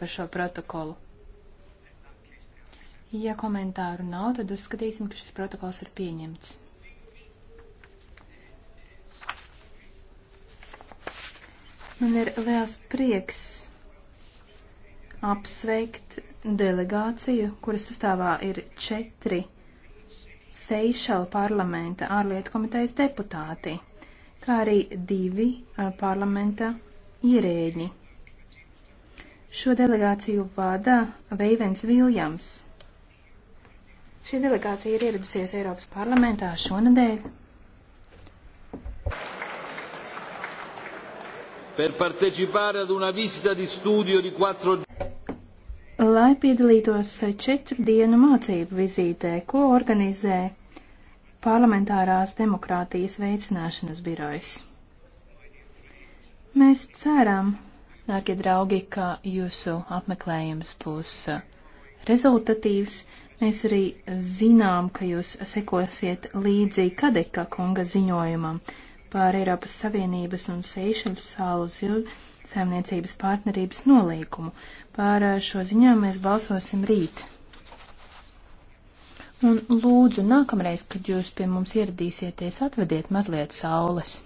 par šo protokolu. Ja komentāru nav, tad uzskatīsim, ka šis protokols ir pieņemts. Man ir liels prieks apsveikt delegāciju, kuras sastāvā ir četri Seišela parlamenta ārlietu komitejas deputāti, kā arī divi parlamenta ierēģi. Šo delegāciju vada Veivens Viljams. Šī delegācija ir ieradusies Eiropas parlamentā šonadēļ. Per partecipare ad una visita di studio di quattro lai piedalītos četru dienu mācību vizītē, ko organizē Parlamentārās demokrātijas veicināšanas birojas. Mēs ceram, dārgie draugi, ka jūsu apmeklējums būs uh, rezultatīvs. Mēs arī zinām, ka jūs sekosiet līdzi Kadeka kunga ziņojumam par Eiropas Savienības un Seišelu salu saimniecības partnerības nolīkumu. Par uh, šo ziņojumu mēs balsosim rīt. Un lūdzu, nākamreiz, kad jūs pie mums ieradīsieties, atvediet mazliet saules.